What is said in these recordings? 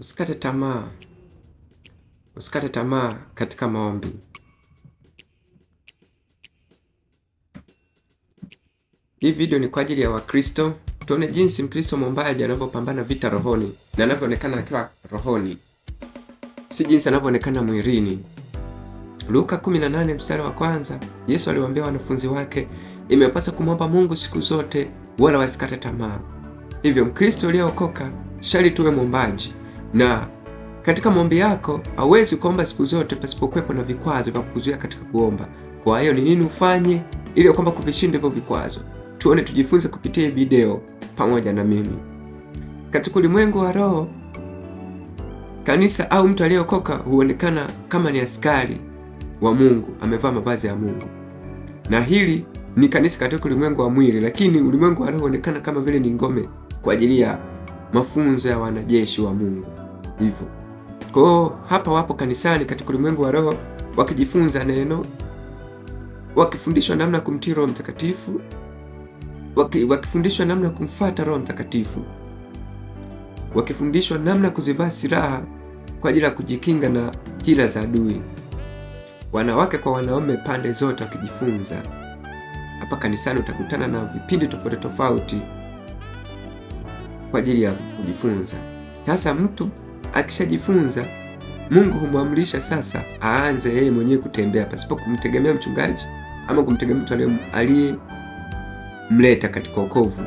Usikate tamaa, usikate tamaa katika maombi. Hii video ni kwa ajili ya Wakristo, tuone jinsi Mkristo mwombaji anavyopambana vita rohoni na anavyoonekana akiwa rohoni, si jinsi anavyoonekana mwilini. Luka 18 mstari wa kwanza, Yesu aliwaambia wanafunzi wake, imepasa kumwomba Mungu siku zote, wala wasikate tamaa. Hivyo Mkristo uliyeokoka shari tuwe mwombaji na katika maombi yako hauwezi kuomba siku zote pasipokuwepo na vikwazo vya kukuzuia katika kuomba. Kwa hiyo ni nini ufanye ili kwamba kuvishinda hivyo vikwazo? Tuone, tujifunze kupitia video pamoja na mimi. Katika ulimwengu wa roho, kanisa au mtu aliyeokoka huonekana kama ni askari wa Mungu, amevaa mavazi ya Mungu, na hili ni kanisa katika ulimwengu wa mwili, lakini ulimwengu wa roho huonekana kama vile ni ngome kwa ajili ya mafunzo ya wanajeshi wa Mungu hivyo. Kwa hiyo hapa wapo kanisani katika ulimwengu wa roho wakijifunza neno, wakifundishwa namna ya kumtii Roho Mtakatifu, wakifundishwa namna ya kumfuata Roho Mtakatifu, wakifundishwa namna ya kuzivaa silaha kwa ajili ya kujikinga na hila za adui, wanawake kwa wanaume, pande zote wakijifunza. Hapa kanisani utakutana na vipindi tofauti tofauti kwa ajili ya kujifunza. Sasa mtu Akishajifunza, Mungu humwamrisha sasa aanze yeye mwenyewe kutembea pasipo kumtegemea mchungaji ama kumtegemea mtu aliyemleta katika wokovu,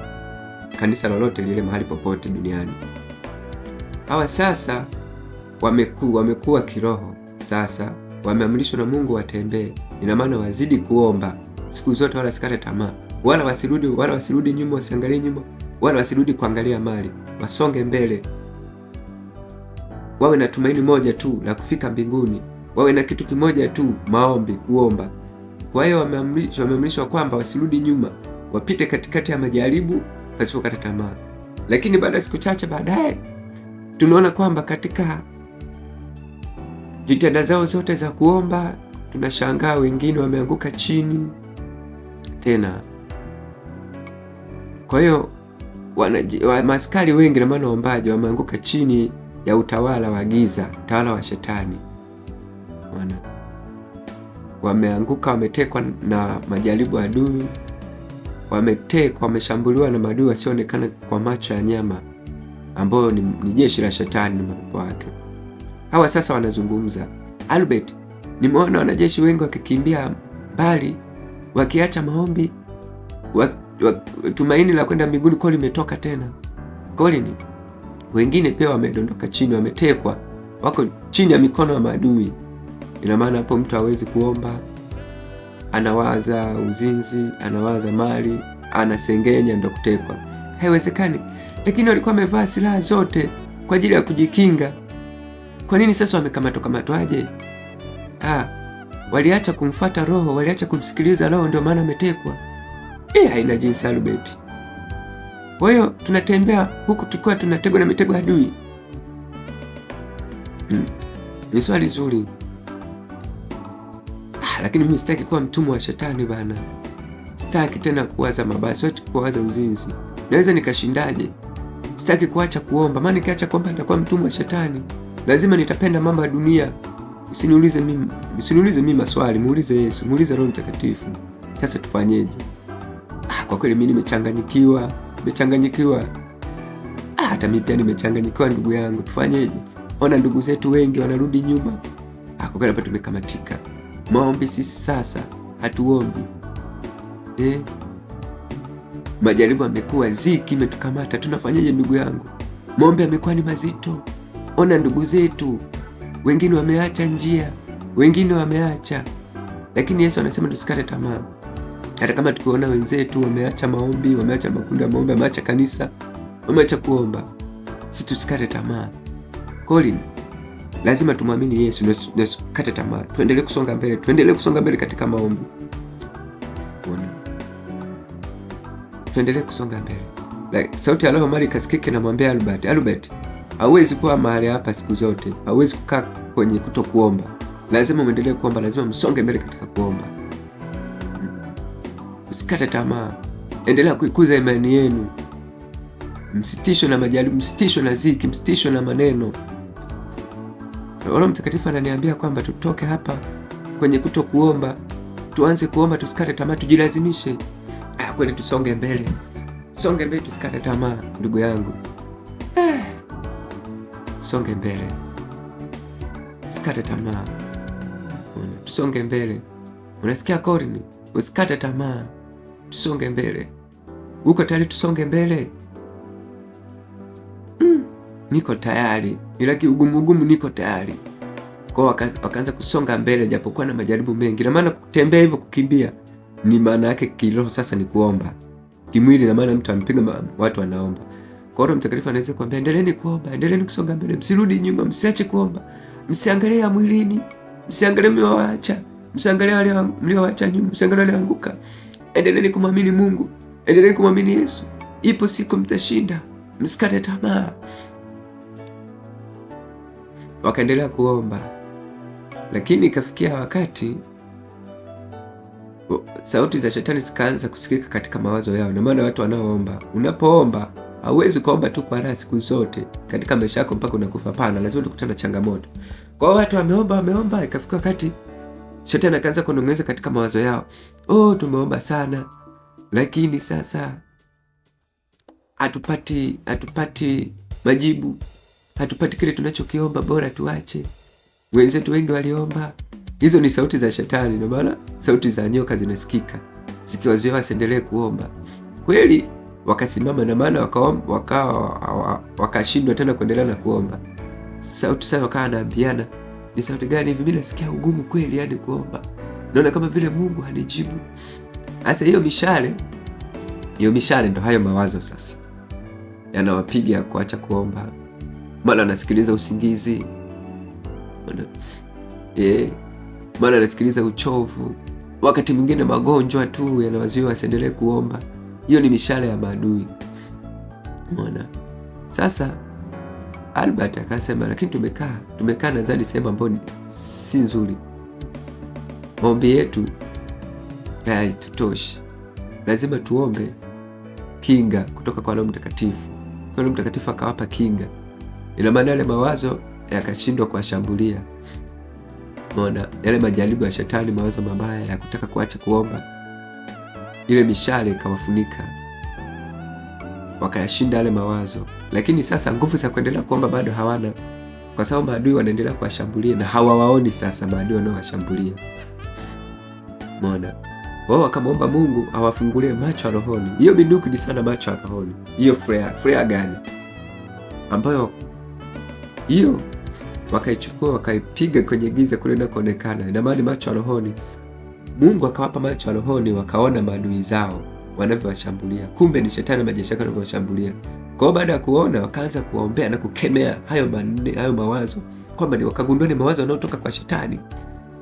kanisa lolote lile, mahali popote duniani. Hawa sasa wamekuwa wamekuwa kiroho, sasa wameamrishwa na Mungu watembee. Ina maana wazidi kuomba siku zote, wala sikate tamaa, wala wasirudi, wala wasirudi nyuma, wasiangalie nyuma, wala wasirudi kuangalia mali, wasonge mbele wawe na tumaini moja tu la kufika mbinguni, wawe na kitu kimoja tu, maombi, kuomba. Kwa hiyo wameamrishwa, wameamrishwa kwamba wasirudi nyuma, wapite katikati ya majaribu pasipokata tamaa. Lakini baada ya siku chache baadaye tunaona kwamba katika jitihada zao zote za kuomba, tunashangaa wengine wameanguka chini tena. Kwa hiyo maskari wengi na maana waombaji wameanguka chini ya utawala wa giza, utawala wa shetani. Wana wameanguka, wametekwa na majaribu adui, wametekwa, wameshambuliwa na maadui wasioonekana kwa macho ya nyama, ambayo ni, ni jeshi la shetani na mapepo wake. Hawa sasa wanazungumza. Albert, nimeona wanajeshi wengi wakikimbia mbali, wakiacha maombi, wa, wa, tumaini la kwenda mbinguni kwa limetoka tena. Kolini wengine pia wamedondoka chini, wametekwa, wako chini ya mikono ya maadui. Ina maana hapo mtu hawezi kuomba, anawaza uzinzi, anawaza mali, anasengenya, ndo kutekwa. Haiwezekani. Lakini walikuwa wamevaa silaha zote kwa ajili ya kujikinga. Kwa nini sasa wamekamatwa kamatwaje? Ah, waliacha kumfata Roho, waliacha kumsikiliza Roho, ndio maana ametekwa. Eh, haina jinsi Albeti. Kwa hiyo tunatembea huku tukiwa tunategwa na mitego adui. Hmm. Ni swali zuri. Ah, lakini mimi sitaki kuwa mtumwa wa shetani bana. Sitaki tena kuwaza mabaya, sitaki kuwaza uzinzi. Naweza nikashindaje? Sitaki kuacha kuomba, maana nikiacha kuomba nitakuwa mtumwa wa shetani. Lazima nitapenda mambo ya dunia. Usiniulize mimi, usiniulize mimi maswali, muulize Yesu, muulize Roho Mtakatifu. Sasa tufanyeje? Ah, kwa kweli mimi nimechanganyikiwa. Tumechanganyikiwa, ah, hata mi pia nimechanganyikiwa ndugu yangu, tufanyeje? Ona ndugu zetu wengi wanarudi nyuma, ah, hapa tumekamatika. Maombi sisi sasa hatuombi eh? Majaribu amekuwa ziki, imetukamata tunafanyeje ndugu yangu? Maombi amekuwa ni mazito. Ona ndugu zetu wengine wameacha njia, wengine wameacha, lakini Yesu anasema tusikate tamaa. Hata kama tukiona wenzetu wameacha maombi, wameacha makundi ya maombi, wameacha kanisa, wameacha kuomba, si tusikate tamaa. Colin, lazima tumwamini Yesu na tusikate tamaa, tuendelee kusonga mbele, tuendelee kusonga mbele katika maombi, tuendelee kusonga mbele. Like, sauti ya Roho mali kasikike, namwambia Albert, Albert hauwezi kuwa mahali hapa siku zote, hauwezi kukaa kwenye kuto kuomba. Lazima mwendelee kuomba, lazima msonge mbele katika kuomba. Msikate tamaa, endelea kuikuza imani yenu. Msitishwe na majaribu, msitishwe na ziki, msitishwe na maneno. Roho Mtakatifu ananiambia kwamba tutoke hapa kwenye kuto kuomba, tuanze kuomba, tusikate tamaa, tujilazimishe kweli tusonge mbele, songe mbele, tusikate tamaa ndugu yangu eh, songe mbele, usikate tamaa, tusonge mbele. Unasikia Korini, usikate tamaa tusonge mbele. Uko tayari tusonge mbele? Mm, niko tayari, ila kiugumu ugumu, niko tayari kwao. Wakaanza kusonga mbele, japokuwa na majaribu mengi, na maana kutembea hivyo, kukimbia ni maana yake kiroho sasa ni kuomba kimwili, na maana mtu anapiga watu anaomba kwa Roho Mtakatifu anaweza kuambia endeleeni kuomba, endeleeni kusonga mbele, msirudi nyuma, msiache kuomba, msiangalie ya mwilini, msiangalie mliowaacha, msiangalie wale mliowaacha nyuma, msiangalie wale anguka Endeleeni kumwamini Mungu, endeleeni kumwamini Yesu. Ipo siku mtashinda, msikate tamaa. Wakaendelea kuomba, lakini ikafikia wakati sauti za shetani zikaanza kusikika katika mawazo yao. Na maana watu wanaoomba, unapoomba hauwezi ukaomba tu kwa raha siku zote katika maisha yako mpaka unakufa. pana lazima tukutane changamoto. Kwa watu wameomba, wameomba, ikafika wakati Shetani akaanza kunong'oneza katika mawazo yao, oh, tumeomba sana lakini sasa hatupati hatupati majibu, hatupati kile tunachokiomba, bora tuache, wenzetu wengi waliomba. Hizo ni sauti za Shetani, ndio maana sauti za nyoka zinasikika zikiwazuia wasiendelee kuomba. Kweli wakasimama, na maana wakawa wakashindwa waka, waka tena kuendelea na kuomba. Sauti sasa wakawa wanaambiana ni sauti gani hivi? Mimi nasikia ugumu kweli, hadi yaani kuomba naona kama vile Mungu hanijibu. Sasa hiyo mishale, hiyo mishale ndo hayo mawazo sasa yanawapiga kuacha kuomba, mara anasikiliza usingizi e, eh, mara anasikiliza uchovu, wakati mwingine magonjwa tu yanawazuia wasiendelee kuomba. Hiyo ni mishale ya maadui, umeona sasa Albert akasema, lakini tumekaa tumekaa nadhani sehemu ambayo si nzuri, maombi yetu hayatutoshi, lazima tuombe kinga kutoka kwa Roho Mtakatifu. Roho Mtakatifu akawapa kinga, ina maana yale mawazo yakashindwa kuwashambulia. Mona yale majaribu ya shetani, mawazo mabaya ya kutaka kuacha kuomba, ile mishale ikawafunika, wakayashinda yale mawazo lakini sasa nguvu za kuendelea kuomba bado hawana, kwa sababu maadui wanaendelea kuwashambulia na hawawaoni sasa maadui wanaowashambulia. Mona wao wakamwomba Mungu awafungulie macho ya rohoni. Hiyo binduki ni sana macho ya rohoni, hiyo furaha gani ambayo hiyo wakaichukua wakaipiga kwenye giza kule kuonekana, Ina maana macho ya rohoni, Mungu akawapa macho ya rohoni, wakaona maadui zao wanavyowashambulia. Kumbe ni shetani majeshi yake yanavyowashambulia. Kwa hiyo baada ya kuona wakaanza kuwaombea na kukemea hayo manne, hayo mawazo kwamba ni wakagundua ni mawazo yanayotoka kwa shetani,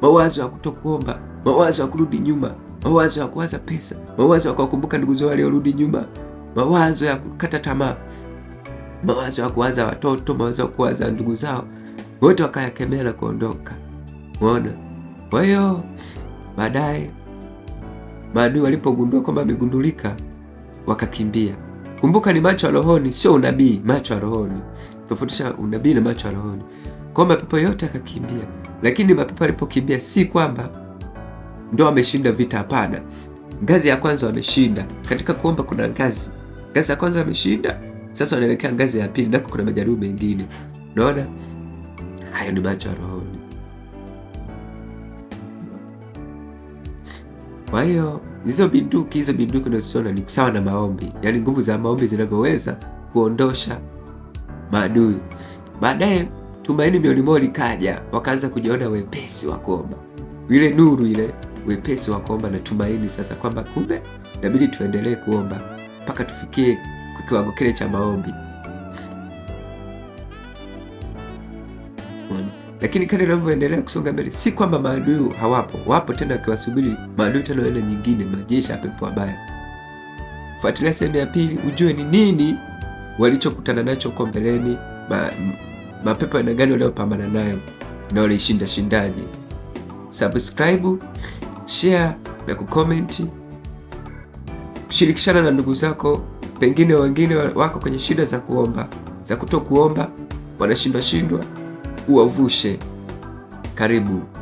mawazo ya kutokuomba, mawazo ya kurudi nyuma, mawazo ya kuwaza pesa, mawazo ya kuwakumbuka ndugu zao waliorudi nyuma, mawazo ya kukata tamaa, mawazo ya kuwaza watoto, mawazo ya kuwaza ndugu zao, wote wakayakemea na kuondoka. Umeona? Kwa hiyo baadaye maadui walipogundua kwamba amegundulika, wakakimbia. Kumbuka ni macho ya rohoni, sio unabii. Macho ya rohoni tofautisha unabii na macho ya rohoni. Kwa mapepo yote akakimbia, lakini mapepo alipokimbia, si kwamba ndo ameshinda vita. Hapana, ngazi ya kwanza wameshinda. Katika kuomba kuna ngazi, ngazi ya kwanza wameshinda, sasa wanaelekea ngazi ya pili, nako kuna majaribu mengine. Unaona, hayo ni macho ya rohoni. Kwa hiyo hizo binduki hizo binduki unaziona ni sawa na maombi, yaani nguvu za maombi zinavyoweza kuondosha maadui. Baadaye Tumaini mwao likaja, wakaanza kujiona wepesi wa kuomba, ile nuru ile, wepesi wa kuomba na tumaini sasa kwamba kumbe inabidi tuendelee kuomba mpaka tufikie kiwango kile cha maombi. Lakini kadri inavyoendelea kusonga mbele, si kwamba maadui hawapo, wapo tena, wakiwasubiri maadui tena aina nyingine, majeshi ya pepo wabaya. Fuatilia sehemu ya pili ujue ni nini walichokutana nacho huko mbeleni, ma, mapepo aina gani waliopambana nayo na walishinda shindaje. Subscribe, share na kukomenti, shirikishana na ndugu zako, pengine wengine wako kwenye shida za kuomba za kutokuomba, kuomba, wanashindwa shindwa uwavushe. Karibu.